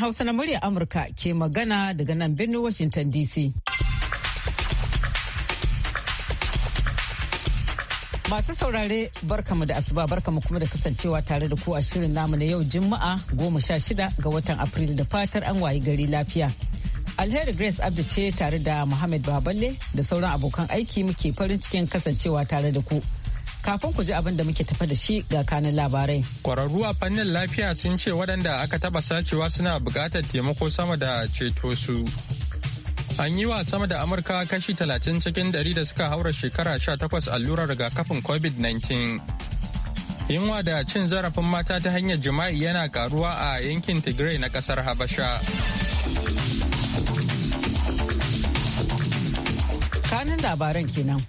Hausa na murya Amurka ke magana daga nan birnin Washington DC. Masu saurare barkamu da asuba barkamu kuma da kasancewa tare da ku a shirin namu na yau Juma'a goma sha shida ga watan Afrilu da fatar an wayi gari lafiya. Alheri Grace Abdu ce tare da Muhammad Baballe da sauran abokan aiki muke farin cikin kasancewa tare da ku. Kafin ku ji abin da muke tafa da shi ga kanin labarai. Kwararru a fannin lafiya sun ce waɗanda aka taɓa sacewa suna buƙatar taimako sama da ceto su. An yi wa sama da Amurka kashi talatin cikin 100 da suka haura shekara sha 18 allurar rigakafin COVID-19. Yunwa da cin zarafin mata ta hanyar jima'i yana karuwa a yankin Tigray na ƙasar Habasha. Kanin labaran kenan.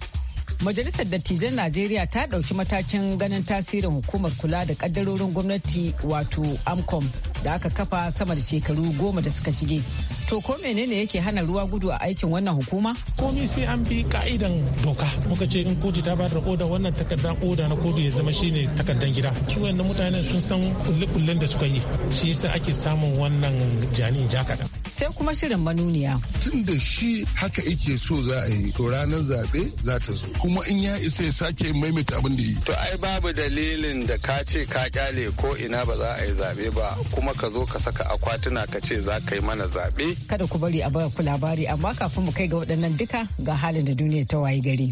Majalisar Dattijan Najeriya ta ɗauki matakin ganin tasirin hukumar kula da kaddarorin gwamnati wato AMCOM da aka kafa sama da shekaru goma da suka shige. To ko menene yake hana ruwa gudu a aikin wannan hukuma? Komi sai an bi ka'idan doka. Muka ce in kotu ta bada oda wannan takardar oda na kotu ya zama shine takardar gida. Su na mutanen sun san kulle-kullen da suka yi. Shi yasa ake samun wannan jani kaɗan. sai kuma shirin manuniya. Tun da shi haka ike so za a yi to ranar zaɓe za ta zo kuma in ya isa ya sake maimaita abin da yi. To ai babu dalilin da ka ce ka kyale ko ina ba za a yi zaɓe ba kuma ka zo ka saka akwatuna ka ce za ka yi mana zaɓe. Kada ku bari a bar ku labari amma kafin mu kai ga waɗannan duka ga halin da duniya ta wayi gari.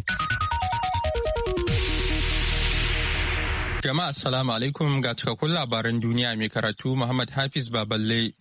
Jama'a assalamu alaikum ga cikakkun labaran duniya mai karatu Muhammad Hafiz Baballe.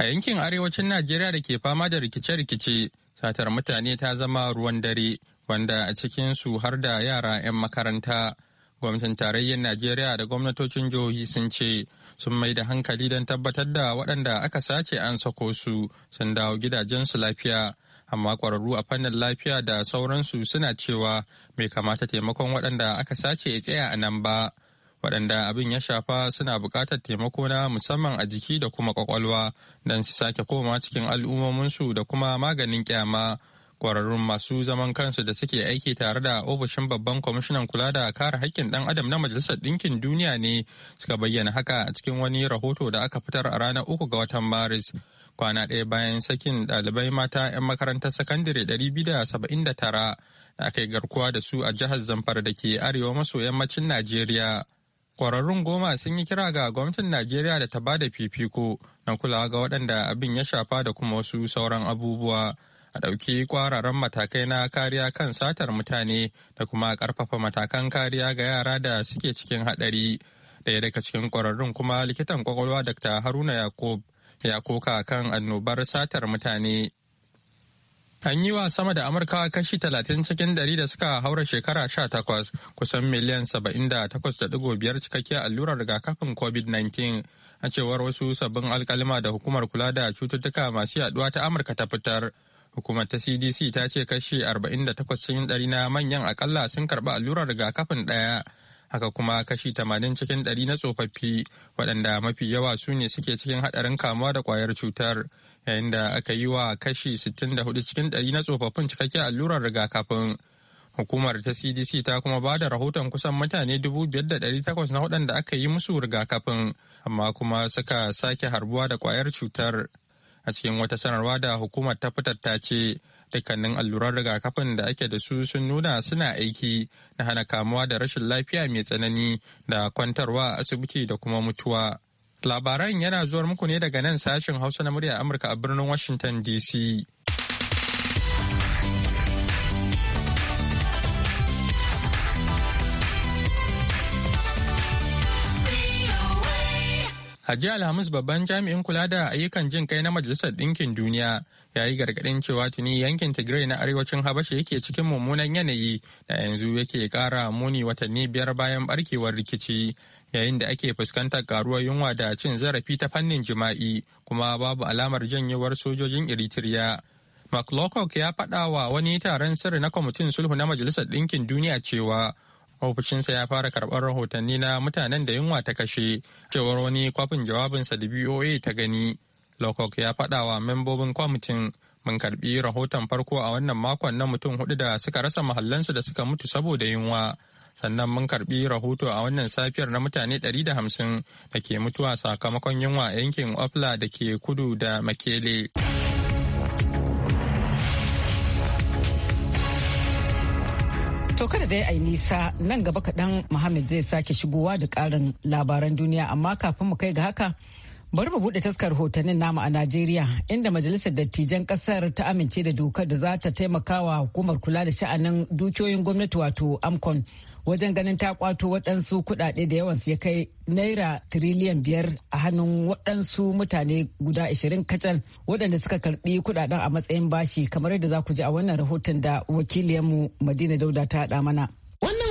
A yankin arewacin Najeriya da ke fama da rikice-rikice, satar mutane ta zama ruwan dare, wanda a cikin su har da yara 'yan makaranta. Gwamnatin tarayyar Najeriya da gwamnatocin jihohi sun ce sun mai da hankali don tabbatar da waɗanda aka sace an sako su sun dawo gidajensu lafiya. Amma ƙwararru a fannin lafiya da sauransu suna cewa "Mai kamata taimakon waɗanda aka sace ya tsaya a nan ba. waɗanda abin ya shafa suna buƙatar taimako na musamman a jiki da kuma ƙwaƙwalwa don su sake koma cikin al'ummominsu da kuma maganin kyama ƙwararrun masu zaman kansu da suke aiki tare da ofishin babban kwamishinan kula da kare haƙƙin ɗan adam na majalisar ɗinkin duniya ne suka bayyana haka a cikin wani rahoto da aka fitar a ranar uku ga watan maris kwana ɗaya bayan sakin ɗalibai mata 'yan makarantar sakandare 279 da aka yi garkuwa da su a jihar zamfara da ke arewa maso yammacin najeriya kwararrun goma sun yi kira ga gwamnatin najeriya da ta bada fifiko na kulawa ga waɗanda abin ya shafa da kuma wasu sauran abubuwa a ɗauki kwararan matakai na kariya kan satar mutane da kuma ƙarfafa matakan kariya ga yara da suke cikin haɗari ɗaya daga cikin kwararrun kuma likitan kwakwalwa dr haruna yakub ya koka kan annobar satar mutane An yi wa sama da Amurkawa kashi talatin cikin dari da suka haura shekara sha takwas kusan miliyan saba'in da takwas da biyar cikakkiyar allurar rigakafin COVID-19 a cewar wasu sabbin alkalima da hukumar kula da cututtuka masu yaduwa ta Amurka ta fitar. Hukumar ta CDC ta ce kashi arba'in cikin ɗari na manyan akalla sun karɓi allurar rigakafin ɗaya haka kuma kashi tamanin cikin ɗari na tsofaffi waɗanda mafi yawa su ne suke cikin haɗarin kamuwa da ƙwayar cutar yayin da aka yi wa kashi 64 cikin ɗari na tsofaffin cikakken allurar rigakafin hukumar ta cdc ta kuma ba da rahoton kusan mutane 5,800 na waɗanda aka yi musu rigakafin amma kuma suka sake harbuwa da ƙwayar cutar a cikin wata sanarwa da hukumar ta fitar ta ce dukkanin alluran rigakafin da ake da su sun nuna suna aiki na hana kamuwa da rashin lafiya mai tsanani da kwantarwa a asibiti da kuma mutuwa. Labaran yana zuwar muku ne daga nan sashen Hausa na murya Amurka a birnin Washington DC. jiya Alhamis babban jami'in kula da ayyukan jin kai na Majalisar Ɗinkin Duniya ya yi gargaɗin cewa tuni yankin Tigray na arewacin Habasha yake cikin mummunan yanayi da yanzu yake kara muni watanni biyar bayan barkewar rikici yayin da ake fuskantar karuwar yunwa da cin zarafi ta fannin jima'i kuma babu alamar janyewar sojojin Eritrea. McLaughlin ya faɗa wa wani taron sirri na kwamitin sulhu na Majalisar Ɗinkin Duniya cewa ofishinsa ya fara karɓar rahotanni na mutanen da yunwa ta kashe cewar wani kwafin jawabinsa da boa ta gani lokok ya faɗa wa membobin kwamitin mun karɓi rahoton farko a wannan makon na mutum hudu da suka rasa mahallansu da suka mutu saboda yunwa sannan mun karɓi rahoto a wannan safiyar na mutane 150 da ke mutuwa sakamakon yunwa a yankin ofla da ke kudu da makele. To kada dai a nisa nan gaba kaɗan Muhammad zai sake shigowa da ƙarin labaran duniya amma kafin mu kai ga haka bari mu buɗe taskar hotonin namu a Najeriya inda majalisar dattijan ƙasar ta amince da dokar da za ta taimaka wa hukumar kula da sha'anin dukiyoyin gwamnati wato AMCON wajen ganin ta kwato waɗansu kuɗaɗe da yawan ya kai naira tiriliyan biyar a hannun waɗansu mutane guda ashirin kacal waɗanda suka karɓi kuɗaɗen a matsayin bashi kamar yadda za ku ji a wannan rahoton da wakiliyanmu madina dauda ta haɗa mana.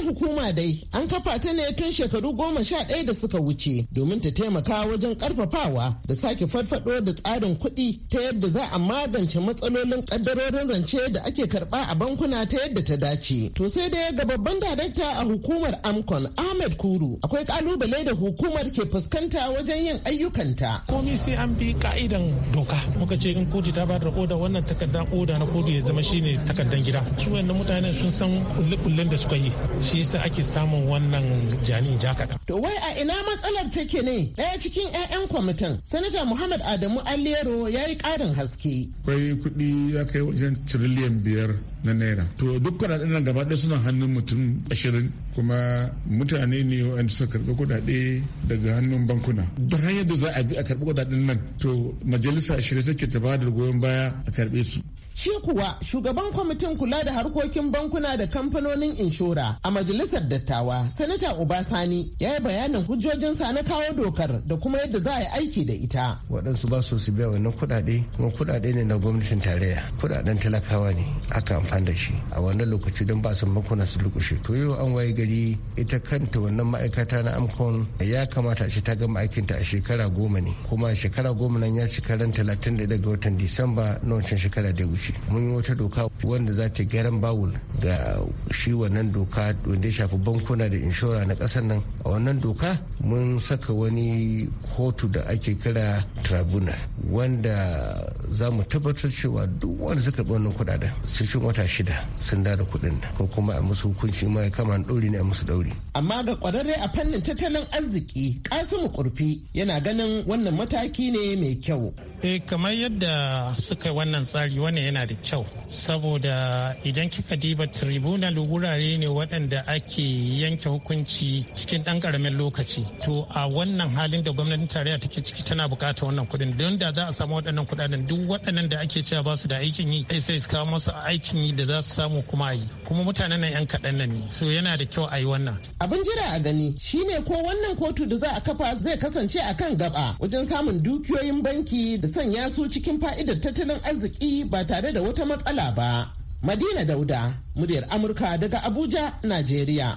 hukuma dai an kafa ta ne tun shekaru goma sha ɗaya da suka wuce domin ta taimaka wajen karfafawa da sake farfado da tsarin kuɗi ta yadda za a magance matsalolin ƙaddarorin rance da ake karɓa a bankuna ta yadda ta dace. To sai dai ga babban darakta a hukumar Amcon Ahmed Kuru akwai ƙalubale da hukumar ke fuskanta wajen yin ayyukanta. Komi sai an bi ka'idan doka. Muka ce in kotu ta bada oda wannan takardar oda na kotu ya zama shine takardar gida. Su wayannan mutanen sun san kulle-kullen da suka yi. shi yasa ake samun wannan jani ja To wai a ina matsalar take ne ɗaya cikin 'ya'yan kwamitin sanata Muhammad Adamu Allero ya yi ƙarin haske. Wai kuɗi ya kai wajen tiriliyan biyar na naira. To duk kuɗaɗen nan gaba ɗaya suna hannun mutum ashirin kuma mutane ne wanda suka karɓi kuɗaɗe daga hannun bankuna. Don hanyar da za a bi a karɓi kuɗaɗen nan to majalisa ashirin take ta ba da goyon baya a karɓe su. Shi kuwa shugaban kwamitin kula da harkokin bankuna da kamfanonin inshora a majalisar dattawa, Sanata Obasani ya yi bayanin hujjojin sa na kawo dokar da kuma yadda za a yi aiki da ita. Waɗansu ba su su biya wannan kuɗaɗe kuma kuɗaɗe ne na gwamnatin tarayya kuɗaɗen talakawa ne aka amfani da shi a wannan lokaci don ba su bankuna su lukushe. To yau an waye gari ita kanta wannan ma'aikata na Amcon ya kamata a ce ta gama aikinta a shekara goma ne kuma shekara goma nan ya ci karan talatin da daga watan Disamba na wancan shekara da ya wuce. shi mun yi wata doka wanda za ta gyaran bawul ga shi wannan doka wanda ya shafi bankuna da inshora na ƙasar nan a wannan doka mun saka wani kotu da ake kira tribunal wanda za mu tabbatar cewa duk wanda suka bi wannan kudaden cikin wata shida sun da kuɗin ko kuma a musu hukunci ma ya kama ɗauri ne a musu ɗauri. amma ga kwararre a fannin tattalin arziki kasimu kurfi yana ganin wannan mataki ne mai kyau. eh kamar yadda suka wannan tsari wannan yana da kyau saboda idan kika diba tribunal wurare ne waɗanda ake yanke hukunci cikin ɗan ƙaramin lokaci to a wannan halin da gwamnatin tarayya take ciki tana buƙatar wannan kuɗin don da za a samu waɗannan kuɗaɗen duk waɗannan da ake cewa ba su da aikin yi sai su kawo musu aikin yi da za su samu kuma a yi kuma mutanen nan 'yan kaɗan nan ne so yana da kyau a yi wannan. abin jira a gani shine ko wannan kotu da za a kafa zai kasance a kan gaba wajen samun dukiyoyin banki da sanya su cikin fa'idar tattalin arziki ba tare tare da wata matsala ba. Madina Dauda, muryar Amurka daga Abuja, Najeriya.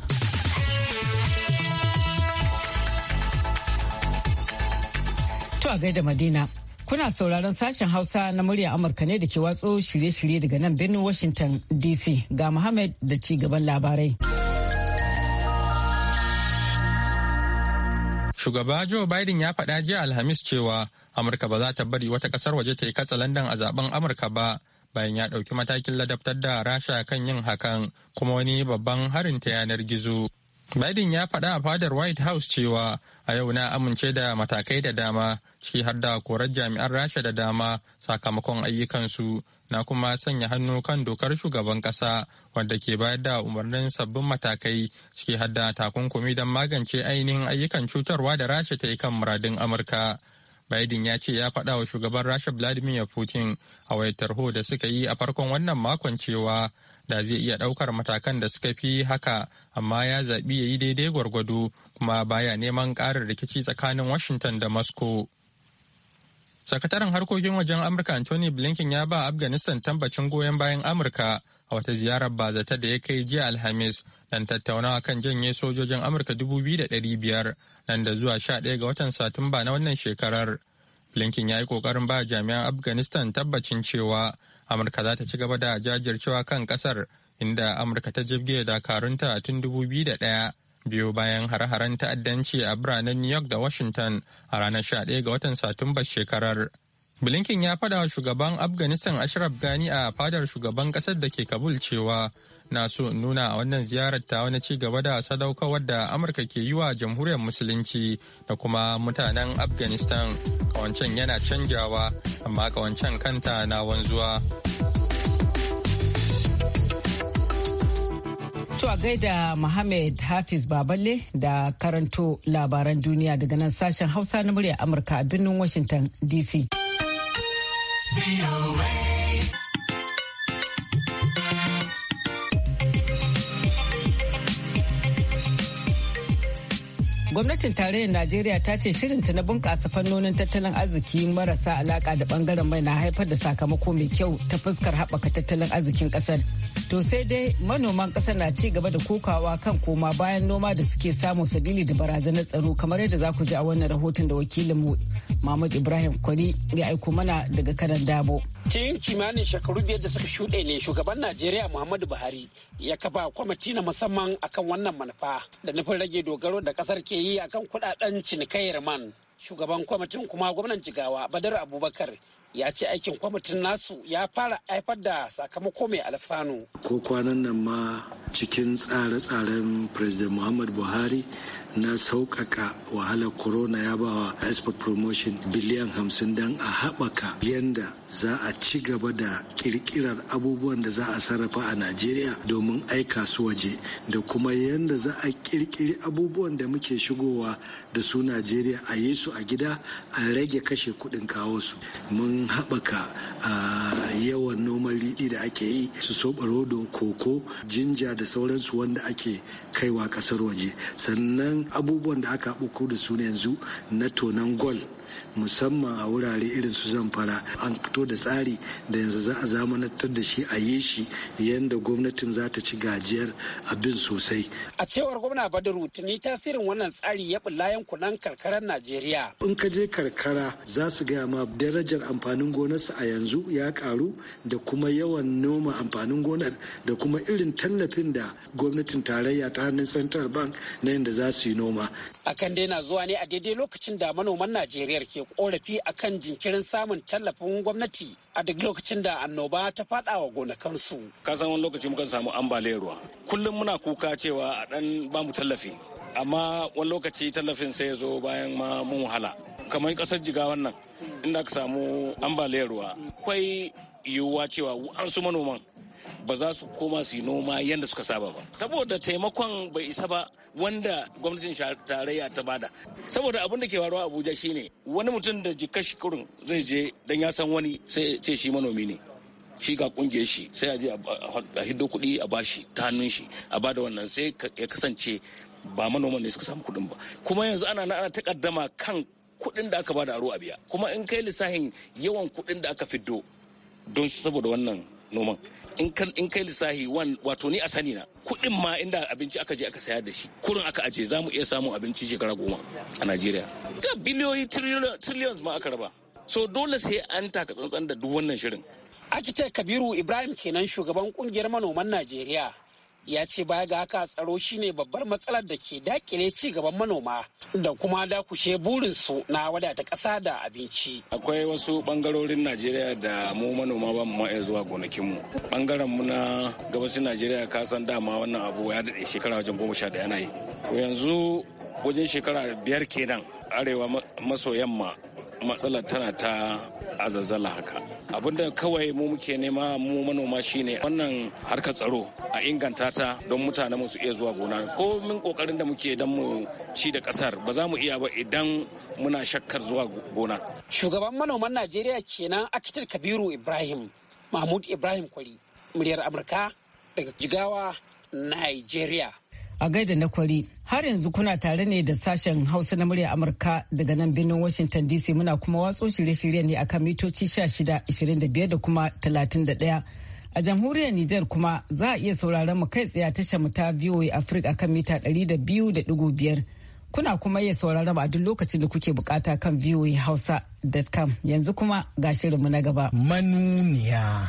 Tuwa gaida Madina. Kuna sauraron sashen Hausa na murya Amurka ne da ke watso shirye-shirye daga nan birnin Washington DC ga Muhammad da ci gaban labarai. Shugaba Joe Biden ya faɗa jiya Alhamis cewa Amurka ba za ta bari wata ƙasar waje ta yi katsalandan a zaben Amurka ba bayan ya ɗauki matakin ladabtar da rasha kan yin hakan kuma wani babban harin ta yanar gizo biden ya faɗa a fadar white house cewa a yau na amince da matakai da dama shi har da korar jami'an rasha da dama sakamakon ayyukansu na kuma sanya hannu kan dokar shugaban ƙasa wanda ke bayar da umarnin sabbin matakai ciki har da takunkumi don magance ainihin ayyukan cutarwa da rasha ta yi kan muradin amurka Biden ya ce ya faɗa wa shugaban Rasha Vladimir Putin a wayar da suka yi a farkon wannan makon cewa da zai iya ɗaukar matakan da suka fi haka amma ya zaɓi ya yi daidai gwargwado kuma baya neman ƙarin rikici tsakanin Washington da Moscow. Sakataren harkokin wajen Amurka Anthony Blinken ya ba Afghanistan tambacin goyon bayan Amurka a wata ziyarar bazata da ya kai jiya alhamis don tattaunawa kan janye sojojin amurka dubu biyu da ɗari biyar nan da zuwa sha ɗaya ga watan satumba na wannan shekarar blinken ya yi ƙoƙarin ba jami'an afghanistan tabbacin cewa amurka za ta ci gaba da jajircewa kan ƙasar inda amurka ta jibge dakarunta tun dubu biyu da ɗaya biyu bayan hare-haren ta'addanci a biranen new york da washington a ranar sha ɗaya ga watan satumba shekarar Blinken ya faɗa wa shugaban Afghanistan Ashraf Ghani a fadar shugaban ƙasar da ke Kabul cewa na so nuna a wannan ziyarar ta wani ci gaba da sadaukarwar da Amurka ke yi wa jamhuriyar musulunci da kuma mutanen Afghanistan kawancen yana canjawa amma kawancen kanta na wanzuwa. To a gaida Mohammed Hafiz Baballe da karanto labaran duniya daga nan sashen Hausa na murya Amurka a birnin Washington DC. Be away. Gwamnatin tarayyar Najeriya ta ce shirinta na bunƙasa fannonin tattalin arziki marasa alaka da bangaren mai na haifar da sakamako mai kyau ta fuskar haɓaka tattalin arzikin ƙasar. To sai dai manoman ƙasar na ci gaba da kokawa kan koma bayan noma da suke samun sabili da barazanar tsaro kamar yadda za ku ji a wannan rahoton da wakilinmu Mahmud Ibrahim Kwari ya aiko mana daga kanan dabo. Cikin kimanin shekaru biyar da suka shuɗe ne shugaban Najeriya Muhammadu Buhari ya kafa kwamiti na musamman akan wannan manufa da nufin rage dogaro da ƙasar ke yi yi akan kudaden cinikayyar man shugaban kwamitin kuma gwamnan jigawa badar abubakar ya ce aikin kwamitin nasu ya fara haifar da sakamako mai alfanu ko kwanan nan ma cikin tsare-tsaren president muhammad buhari na sauƙaƙa wahalar corona ya ba wa export promotion biliyan hamsin don a haɓaka yadda za a ci gaba da ƙirƙirar abubuwan da za a sarrafa a najeriya domin aika su waje da kuma yadda za a ƙirƙiri abubuwan da muke shigowa da su najeriya a yi su a gida a rage kashe kuɗin kawo su mun haɓaka a ah, yawan noman riɗi da ake yi su soɓa koko jinja da sauransu wanda ake kaiwa kasar waje sannan abubuwan da aka buko da su yanzu na tonan gol musamman a wurare irin su zamfara an fito da tsari da yanzu za a zamanantar da shi a yi shi yadda gwamnatin za ta ci gajiyar abin sosai a cewar gwamna bada tuni tasirin wannan tsari ya layan yankunan karkarar najeriya in ka je karkara za su gaya ma darajar amfanin gonarsa a yanzu ya karu da kuma yawan noma amfanin gonar da kuma irin tallafin da gwamnatin tarayya ta hannun central bank na yadda za su yi noma akan dai na zuwa ne a daidai lokacin da manoman najeriya da ke korafi kan jinkirin samun tallafin gwamnati a duk lokacin da annoba ta fada wa gonakansu. san wani lokaci mukan samu ambaliyar ruwa. Kullum muna kuka cewa a dan bamu tallafi. Amma wani lokaci tallafin sai ya zo bayan ma mun wahala. Kamar kasar jiga wannan inda ka samu ambaliyar ruwa. Akwai yiwuwa cewa an su manoman ba za su koma su yi noma yadda suka saba ba saboda taimakon bai isa ba wanda gwamnatin tarayya ta bada saboda abin da ke faruwa abuja shine wani mutum da jika shi kurin zai je dan ya san wani sai ce shi manomi ne shi ga kungiyar shi sai a je a hiddo kuɗi a bashi ta hannun shi a bada wannan sai ya kasance ba manoman ne suka samu kuɗin ba kuma yanzu ana na takaddama kan kuɗin da aka bada aro a biya kuma in kai lissafin yawan kuɗin da aka fiddo don saboda wannan noman in kai lissahi wato ni a sani na kuɗin ma inda abinci aka je aka sayar da shi kurin aka aje zamu iya samun abinci shekara goma a najeriya ga biliyoyi trillions ma aka raba so dole sai an taka tsantsan da duk wannan shirin architect kabiru ibrahim kenan shugaban kungiyar manoman najeriya ya ce baya ga haka tsaro shine babbar matsalar da ke dakile ci gaban manoma da kuma dakushe burinsu na wadata ƙasa da abinci. Akwai wasu bangarorin Najeriya da mu manoma ba mu ma'a zuwa gonakinmu. Bangaren mu na gabashin Najeriya ka san dama wannan abu ya daɗe shekara wajen goma sha ɗaya na yi. Yanzu wajen shekara biyar kenan arewa maso yamma matsalar tana ta azazala haka abinda kawai mu muke nema mu manoma shine wannan harkar tsaro a inganta ta don mutane mu iya zuwa gona ko min kokarin da muke don mu ci da kasar ba za mu iya ba idan muna shakkar zuwa gona shugaban manoman najeriya kenan akitar kabiru ibrahim mahmud ibrahim kwari muryar amurka daga jigawa nigeria a gaida na kwari. Har yanzu kuna tare ne da sashen Hausa na murya Amurka daga nan birnin Washington DC muna kuma watso shirye-shirye ne akan mitoci 16, 25 da kuma 31. A jamhuriyar Nijar kuma za a iya sauraron mu kai tsaye tashar mu ta VOA Africa akan mita 200.5. Kuna kuma iya sauraron mu a duk lokacin da kuke bukata kan voa hausa.com Yanzu kuma ga shirinmu na gaba. Manuniya.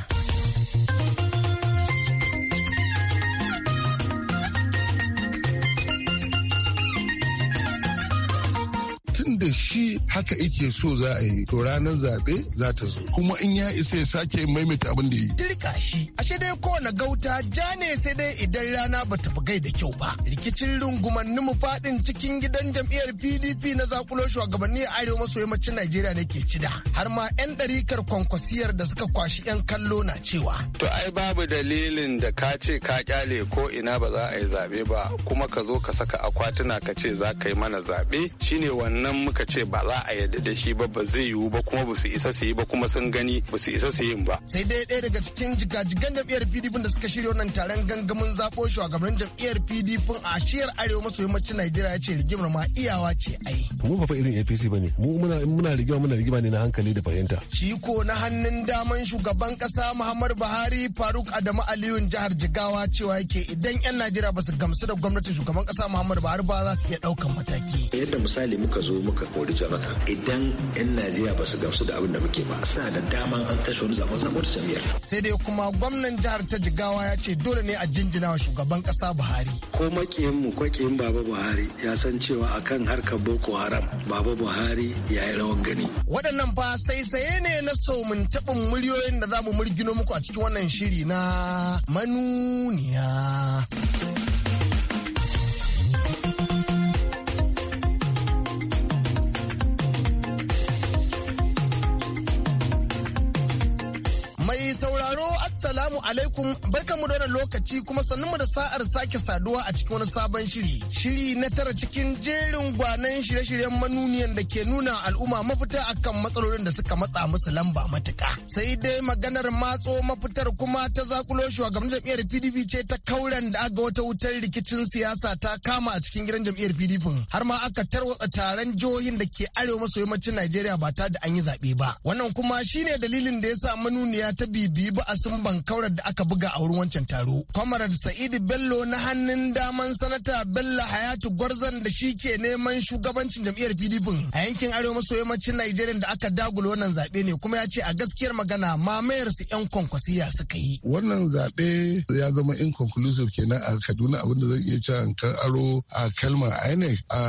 tun da shi haka yake so za a yi to ranar zaɓe za ta zo kuma in ya isa ya sake maimaita abin da yi. Tirka shi ashe dai kowane gauta ja ne sai dai idan rana ba ta bugai da kyau ba. Rikicin rungumannin mu faɗin cikin gidan jam'iyyar PDP na zakulo shugabanni a arewa maso yammacin Najeriya ne ke cida. Har ma 'yan ɗarikar kwankwasiyar da suka kwashi 'yan kallo na cewa. To ai babu dalilin da ka ce ka kyale ko ina ba za a yi zaɓe ba kuma ka zo ka saka akwatuna ka ce za ka yi mana zaɓe shine wannan nan muka ce ba za a yarda da shi ba ba zai yiwu ba kuma ba su isa su yi ba kuma sun gani ba su isa su yin ba. sai dai ɗaya daga cikin jigajigan jam'iyyar pdp da suka shirya wannan taron gangamin zaɓo shugaban jam'iyyar pdp a shiyar arewa maso yammacin najeriya ya ce rigimar ma iyawa ce ai. mu ba fa irin apc ba ne mu muna muna rigima muna rigima ne na hankali da fahimta. shi ko na hannun daman shugaban ƙasa muhammadu buhari faruk adamu aliyun jihar jigawa cewa yake idan 'yan najeriya ba su gamsu da gwamnatin shugaban ƙasa muhammadu buhari ba za su iya ɗaukan mataki. yadda misali muka zo muka kori jama'a idan 'yan najeriya ba su gamsu da abin da muke ba suna da dama an tashi wani zaben sabuwar jam'iyyar sai dai kuma gwamnan jihar ta jigawa ya ce dole ne a jinjina wa shugaban ƙasa buhari ko makiyin mu kwakiyin baba buhari ya san cewa akan harkar boko haram baba buhari ya yi rawar gani waɗannan fa sai saye ne na somin taɓin miliyoyin da za mu murgino muku a cikin wannan shiri na manuniya. Assalamu alaikum barkanmu da wannan lokaci kuma sannunmu da sa'ar sake saduwa a cikin wani sabon shiri. Shiri na tara cikin jerin gwanan shirye-shiryen manuniyan da ke nuna al'umma mafita akan matsalolin da suka matsa musu lamba matuka. Sai dai maganar matso mafitar kuma ta zakulo shugaban jam'iyyar PDP ce ta kauran da aga wata wutar rikicin siyasa ta kama a cikin gidan jam'iyyar PDP har ma aka tarwatsa taron jihohin da ke arewa maso yammacin Najeriya ba ta da an yi zaɓe ba. Wannan kuma shine dalilin da ya sa manuniya ta bibiyi ba a sun bankauran muhawarar da aka buga a wurin wancan taro. Kwamarar Sa'idu Bello na hannun daman sanata Bello Hayatu Gwarzan da shi ke neman shugabancin jam'iyyar PDP a yankin arewa maso yammacin Najeriya da aka dagula wannan zaɓe ne kuma ya ce a gaskiyar magana mamayar su 'yan ya suka yi. Wannan zaɓe ya zama inconclusive kenan a Kaduna abin da zan iya cewa kan aro a kalma INEC a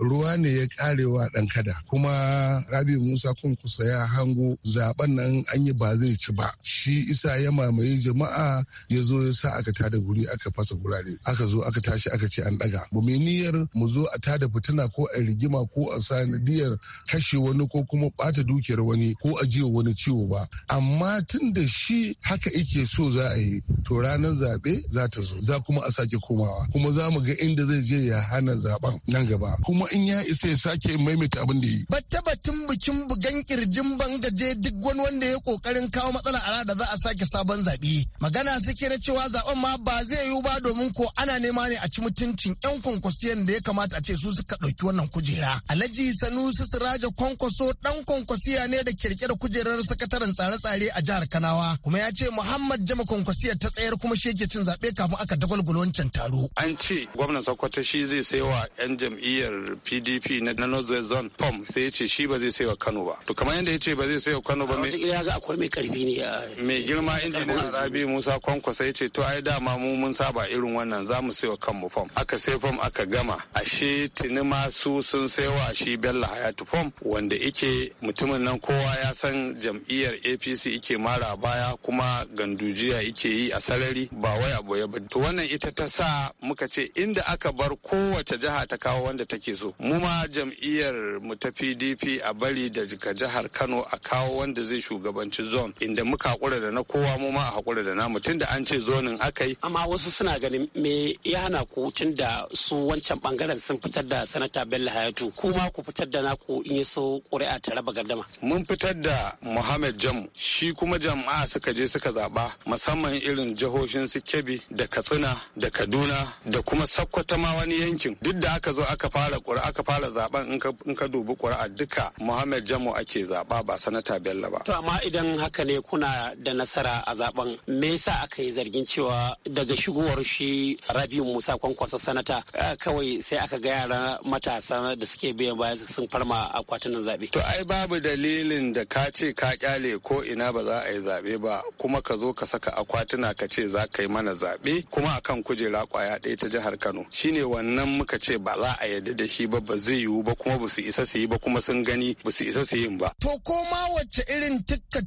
ruwa ne ya karewa ɗan kada kuma Rabi Musa kun kusa ya hango Zaɓen nan an yi ba zai ci ba shi isa ya mamaye sai jama'a ya zo ya sa aka tada guri aka fasa gurare aka zo aka tashi aka ce an daga ba mai niyyar mu zo a tada fitina ko a rigima ko a sanadiyar kashe wani ko kuma bata dukiyar wani ko a jiwa wani ciwo ba amma tun da shi haka yake so za a yi to ranar zaɓe za ta zo za kuma a sake komawa kuma za mu ga inda zai je ya hana zaben nan gaba kuma in ya isa ya sake maimaita abin da yi. Batta batun bikin bugan kirjin bangaje duk wani wanda ya kokarin kawo matsala a da za a sake sabon zaɓe. zaɓi. magana suke na cewa zaben ma ba zai yiwu ba domin ko ana nema ne a ci mutuncin yan kwankwasiyan da ya kamata a ce su suka ɗauki wannan kujera alhaji sanusi siraja kwankwaso dan kwankwasiya ne da kirkira kujerar sakataren tsare-tsare a jihar kanawa kuma ya ce muhammad jama kwankwasiya ta tsayar kuma shi yake cin zaɓe kafin aka dagwalgwalo wancan taro an ce gwamnan sokoto shi zai saiwa yan jam'iyyar pdp na northwest zone pom sai ya ce shi ba zai saiwa kano ba to kamar yadda ya ce ba zai saiwa kano ba mai ya ga akwai mai karbi ne ah, mai girma injiniyar rabi musa kwankwasai sai ce to ai dama mu mun saba irin wannan za mu sayo kanmu fom. aka sai fom aka gama ashe tuni ma su sun wa shi bello hayatu fom. wanda ike mutumin nan kowa ya san jam'iyyar apc ike mara baya kuma gandujiya ike yi a sarari ba wai a boye ba to wannan ita ta sa muka ce inda aka bar kowace jiha ta kawo wanda take so mu ma jam'iyyar mu ta pdp a bari da jihar kano a kawo wanda zai shugabanci zone inda muka kura da na kowa mu ma a hakuri da namu tun da an ce zonin aka yi. Amma wasu suna ganin me ya hana ku tun da su wancan bangaren sun fitar da sanata Bello Hayatu kuma ku fitar da naku in ya so ƙuri'a ta raba gardama. Mun fitar da Muhammad Jam shi kuma jama'a suka je suka zaɓa musamman irin jihohin su Kebbi da Katsina da Kaduna da kuma Sokoto ma wani yankin duk da aka zo aka fara ƙuri'a aka fara zaben in ka dubi ƙuri'a duka Muhammad jamu ake zaɓa ba sanata Bello ba. To amma idan haka ne kuna da nasara a zaben me yasa aka yi zargin cewa daga shigowar shi Rabi musa kwankwasa sanata kawai sai aka ga yara matasa da suke biyan bayan sun farma akwatunan zaɓe. to ai babu dalilin da ka ce ka kyale ko ina ba za a yi zaɓe ba kuma ka zo ka saka akwatuna ka ce za ka yi mana zaɓe kuma akan kujera kwaya ɗaya ta jihar kano shine wannan muka ce ba za a yarda da shi ba ba zai yiwu ba kuma ba su isa su yi ba kuma sun gani ba su isa su yin ba. to ko ma wacce irin tikka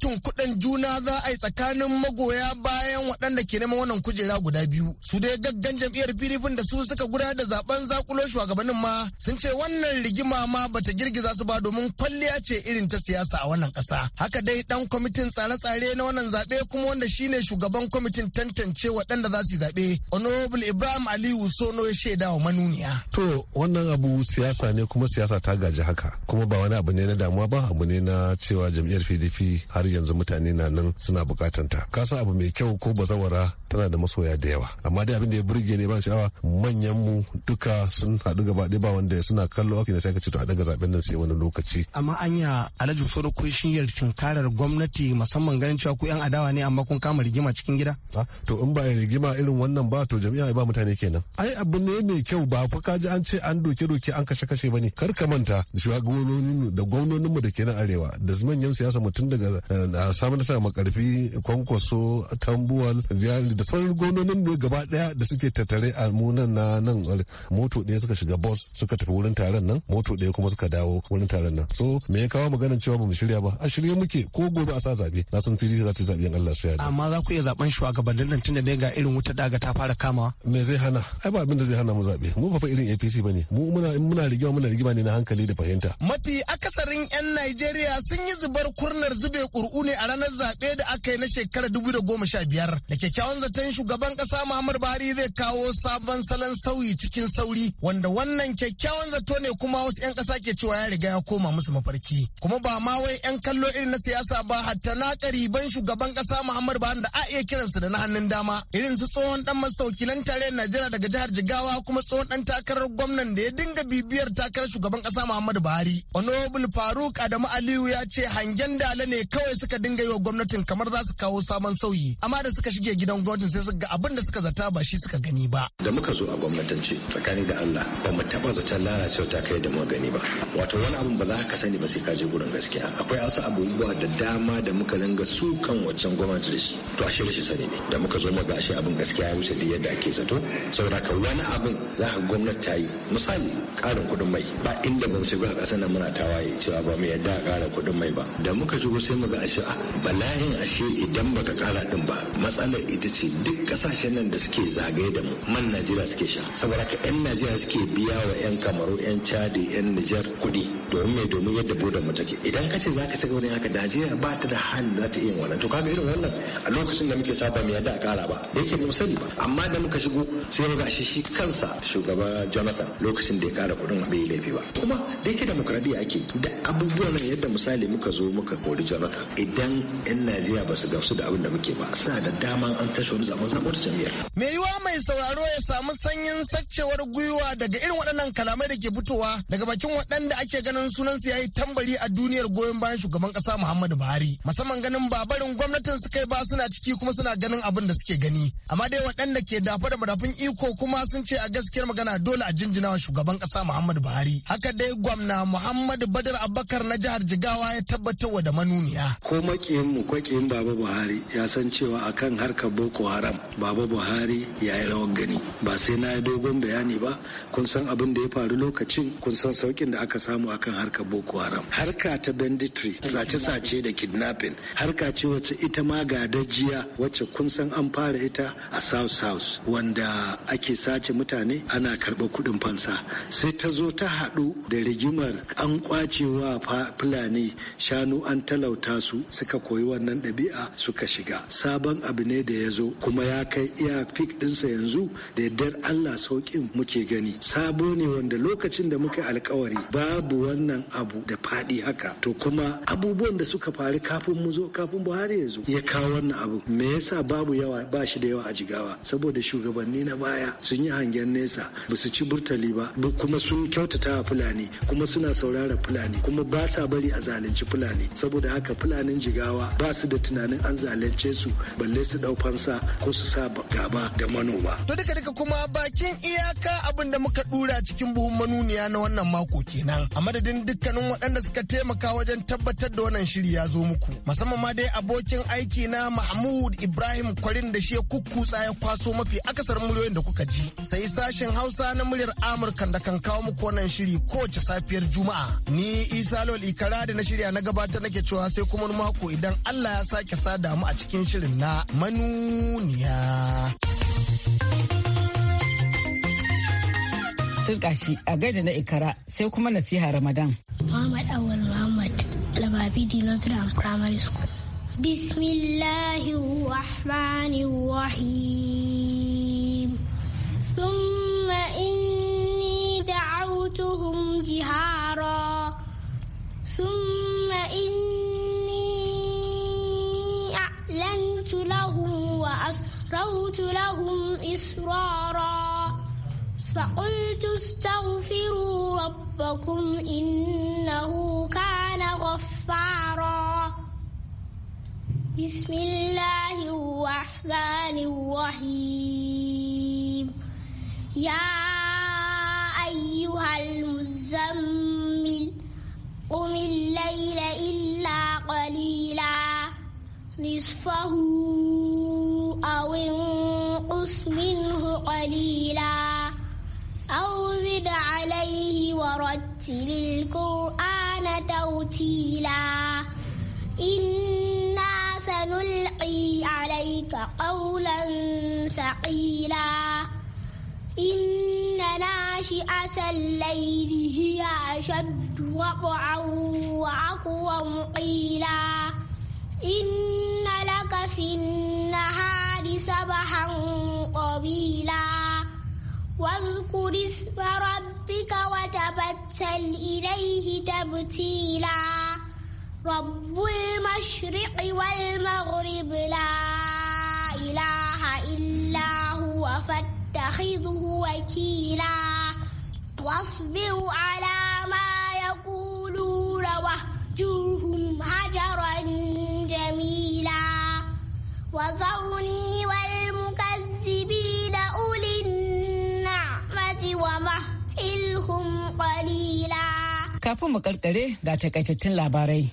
tun kudin juna za a yi tsakanin tsakanin magoya bayan waɗanda ke neman wannan kujera guda biyu su dai gaggan jam'iyyar pdp da su suka gudanar da zaben zakulo shugabannin ma sun ce wannan rigima ma bata girgiza su ba domin kwalliya ce irin ta siyasa a wannan ƙasa haka dai dan kwamitin tsare-tsare na wannan zaɓe kuma wanda shine shugaban kwamitin tantance waɗanda za su zaɓe honorable ibrahim aliyu sono ya shaida wa manuniya to wannan abu siyasa ne kuma siyasa ta gaji haka kuma ba wani abu ne na damuwa ba abu ne na cewa jam'iyyar pdp har yanzu mutane na nan suna bukatan kanta ka san abu mai kyau ko bazawara tana da masoya da yawa amma dai abin da ya burge ne ba sha'awa manyan mu duka sun haɗu gaba ɗaya ba wanda suna kallo aka ne sai ka ce to a daga zaben nan sai wani lokaci amma anya alhaji soro kun shiryar tunkarar gwamnati musamman ganin cewa ku yan adawa ne amma kun kama rigima cikin gida ah, to in ba rigima irin wannan ba to jami'a ba mutane kenan ai abu ne mai kyau ba fa ka ji an ce an doke doke an kashe kashe bane kar ka manta da da gwamnonin mu da ke nan arewa da manyan siyasa mutum daga eh, samun sa makarfi kwankwaso tambuwal viyali da sauran gononin ne gaba daya da suke tattare a munan na nan moto ɗaya suka shiga bus suka tafi wurin taron nan moto ɗaya kuma suka dawo wurin taron nan so me ya kawo maganar cewa bamu shirya ba a shirye muke ko gobe a sa zabe na san pdp za ta zabe in Allah su yarda amma za ku iya zaben shugabannin nan tunda dai ga irin wuta daga ta fara kama me zai hana ai ba abin da zai hana mu zabe mu ba fa irin APC bane mu muna muna rigima muna rigima ne na hankali da fahimta mafi akasarin yan Najeriya sun yi zubar kurnar zube kur'u ne a ranar zabe da aka yi na shekara shekarar dubu da sha biyar da kyakkyawan zaton shugaban kasa Muhammadu Buhari zai kawo sabon salon sauyi cikin sauri wanda wannan kyakkyawan zato ne kuma wasu 'yan kasa ke cewa ya riga ya koma musu mafarki kuma ba ma wai 'yan kallo irin na siyasa ba hatta na kariban shugaban kasa Muhammadu Buhari da a iya kiransu da na hannun dama irin su tsohon dan masauki tarayyar Najeriya daga jihar Jigawa kuma tsohon dan takarar gwamnan da ya dinga bibiyar takarar shugaban kasa Muhammadu Buhari Honorable Faruk Adamu Aliyu ya ce hangen dala ne kawai suka dinga yi wa gwamnatin kamar za su kawo kawo sabon sauyi amma da suka shige gidan gwamnati sai suka ga abin da suka zata ba shi suka gani ba da muka zo a gwamnatance tsakanin da Allah ba mu taba zaton lalace ta kai da mu gani ba wato wani abin ba za ka sani ba sai ka je gurin gaskiya akwai wasu abubuwa da dama da muka ringa su kan waccan gwamnati da shi to ashe shi sani ne da muka zo muga ashe abin gaskiya ya wuce da yadda ake zato saboda ka wani abin za ka gwamnati ta yi misali karin kudin mai ba inda ba mu ce ba ƙasar nan muna tawaye cewa ba mu yadda a kara kudin mai ba da muka zo sai muga ashe a bala'in ashe idan idan baka kara din ba matsalar ita ce duk kasashen nan da suke zagaye da mu man najeriya suke sha saboda haka yan najeriya suke biya wa yan kamaru yan chadi yan nijar kuɗi domin mai domin yadda bodar mu take idan ka ce zaka ka gaba da haka najeriya ba ta da hali za ta iya wannan to kaga irin wannan a lokacin da muke taba mu yadda a kara ba da yake mu sani ba amma da muka shigo sai mu gashi shi kansa shugaba jonathan lokacin da ya kara kuɗin bai laifi ba kuma da yake demokradiyya ake da abubuwan yadda misali muka zo muka kori jonathan idan yan najeriya ba su gamsu da abin da muke ba suna da daman an tashi wani zaben zaɓar jam'iyyar. me yiwa mai sauraro ya samu sanyin sacewar gwiwa daga irin waɗannan kalamai da ke fitowa daga bakin waɗanda ake ganin sunansu su yi tambari a duniyar goyon bayan shugaban ƙasa muhammadu buhari musamman ganin babarin gwamnatin su kai ba suna ciki kuma suna ganin abin da suke gani amma dai waɗanda ke dafa da madafin iko kuma sun ce a gaskiyar magana dole a jinjina shugaban ƙasa muhammadu buhari haka dai gwamna muhammadu badar abubakar na jihar jigawa ya tabbatar wa da manuniya. ko makiyin mu ko baba buhari ya san cewa akan harkar boko haram baba buhari ya yi rawar gani ba sai na yi dogon bayani ba kun san abin da ya faru lokacin kun san saukin da aka samu a kan harkar boko haram harka ta banditry sace-sace da kidnapping harka ce wacce ita ma ga dajiya wacce kun san an fara ita a south south wanda ake sace mutane ana karɓar kuɗin fansa sai ta zo ta haɗu da rigimar an kwacewa fulani shanu an talauta su suka koyi wannan ɗabi'a su ka shiga sabon abu ne da ya zo kuma ya kai iya fik ɗinsa yanzu da yardar Allah saukin muke gani sabo ne wanda lokacin da muka alkawari babu wannan abu da faɗi haka to kuma abubuwan da suka faru kafin mu zo kafin Buhari ya zo ya kawo wannan abu me yasa babu yawa ba shi da yawa a jigawa saboda shugabanni na baya sun yi hangen nesa ba su ci burtali ba kuma sun kyautata fulani kuma suna saurara fulani kuma ba sa bari a zalunci fulani saboda haka fulanin jigawa ba su da tunanin an zalunce su balle su dau fansa ko su sa gaba da manoma. To duka duka kuma bakin iyaka abin da muka dura cikin buhun manuniya na wannan mako kenan. A madadin dukkanin waɗanda suka taimaka wajen tabbatar da wannan shiri ya zo muku. Musamman ma dai abokin aiki na Mahmud Ibrahim Kwarin da shi ya kukkutsa ya kwaso mafi akasar muryoyin da kuka ji. Sai sashen Hausa na muryar Amurka da kan kawo muku wannan shiri kowace safiyar Juma'a. Ni Isa Lol Ikara da na shirya na gabatar nake cewa sai kuma mako idan Allah ya sake sada damu a cikin shirin na manuniya. Turka shi a gaida na ikara sai kuma nasiha Ramadan. Muhammad Awal Muhammad Lababidi Notre Primary School. Bismillahirrahmanirrahim. ثم إني دعوتهم jiha. فأخرجت لهم إصرارا فقلت استغفروا ربكم إنه كان غفارا بسم الله الرحمن الرحيم يا أيها المزمل قم الليل إلا قليلا نصفه أو انقص منه قليلا أو زد عليه ورتل القرآن توتيلا إنا سنلقي عليك قولا ثقيلا إن ناشئة الليل هي أشد وقعا وأقوم قيلا إن لك في النهار النار سبحا طويلا واذكر اسم ربك وتبتل إليه تبتيلا رب المشرق والمغرب لا إله إلا هو فاتخذه وكيلا واصبر على ما يقولون واهجرهم هجرا جميلا وذرني Kafin mu karkare ga takaitattun labarai.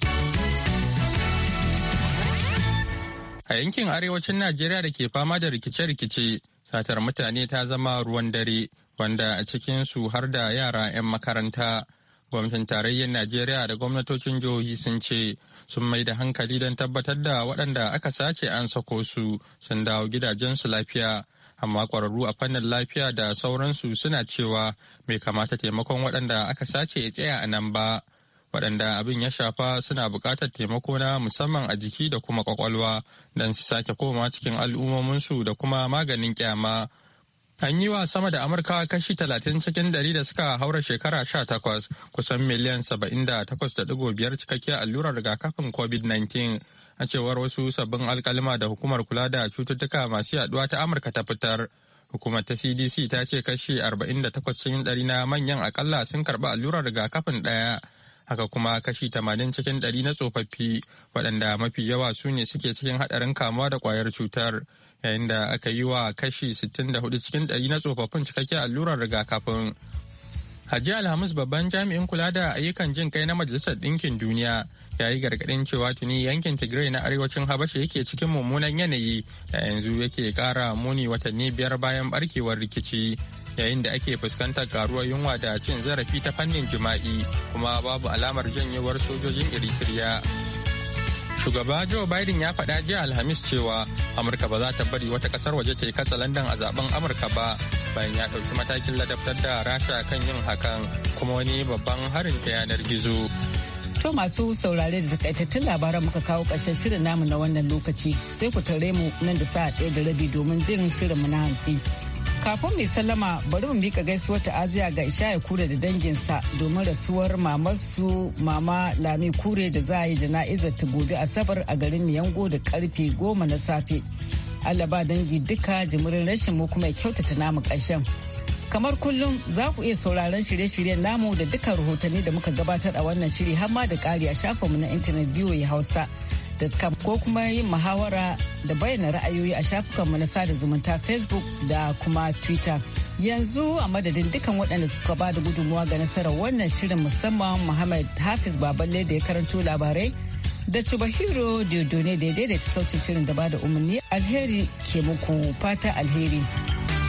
A yankin arewacin Najeriya da ke fama da rikice-rikice, satar mutane ta zama ruwan dare, wanda a cikin su har da yara 'yan makaranta. Gwamnatin tarayyar Najeriya da gwamnatocin jihohi sun ce sun mai da hankali don tabbatar da waɗanda aka sace an sako su sun dawo gidajensu lafiya amma kwararru a fannin lafiya da sauransu suna cewa bai kamata taimakon waɗanda aka sace ya tsaya a nan ba waɗanda abin ya shafa suna buƙatar taimako na musamman a jiki da kuma kwakwalwa don su sake koma cikin al'ummominsu da kuma maganin kyama. An yi wa sama da amurka kashi talatin cikin dari da suka haura shekara sha takwas kusan miliyan saba'in da da digo biyar cikakkiyar allurar rigakafin COVID-19 a cewar wasu sabbin alkalima da hukumar kula da cututtuka masu yaduwa ta amurka ta fitar hukumar ta cdc ta ce kashi 48 cikin dari na manyan akalla sun karɓi allurar rigakafin daya haka kuma kashi 80 cikin dari na tsofaffi waɗanda mafi yawa su ne suke cikin haɗarin kamuwa da ƙwayar cutar yayin da aka yi wa kashi 64 cikin dari na tsofaffin cikakken allurar rigakafin Hajji Alhamis babban jami'in kula da ayyukan jin kai na Majalisar Ɗinkin Duniya ya yi gargaɗin cewa tuni yankin tigray na arewacin habasha yake cikin mummunan yanayi da yanzu yake kara muni watanni biyar bayan barkewar rikici yayin da ake fuskantar karuwar yunwa da cin zarafi ta fannin jima'i kuma babu alamar janyewar sojojin eritrea shugaba joe biden ya faɗa jiya alhamis cewa amurka ba za ta bari wata ƙasar waje ta yi katsalandan a zaben amurka ba bayan ya ɗauki matakin ladabtar da rasha kan yin hakan kuma wani babban harin ta yanar gizo To masu saurare da takaitattun labaran muka kawo ƙarshen shirin namu na wannan lokaci sai ku tare mu nan da sa'a ɗaya da rabi domin jin shirin mu na hantsi. Kafin mai sallama bari mu mika gaisuwar ta'aziya ga Ishaya Kure da danginsa domin rasuwar mamarsu mama Lami Kure da za a yi jana'izar ta gobe Asabar a garin Niyango da karfe goma na safe. Allah ba dangi duka jimirin rashin mu kuma ya kyautata namu ƙarshen. Kamar kullum za ku iya sauraron shirye-shiryen namu da duka rahotanni da muka gabatar a wannan shiri har ma da kari a shafinmu na intanet biyu ya Hausa. da ko kuma yin muhawara da bayyana ra'ayoyi a shafukanmu na sada zumunta facebook da kuma twitter yanzu a madadin dukkan waɗanda suka ba da gudunmuwa ga nasarar wannan shirin musamman muhammad hafiz baballe da ya karanto labarai da cuba hero da da daidaita sautin shirin da ba da umarni alheri ke muku fata alheri.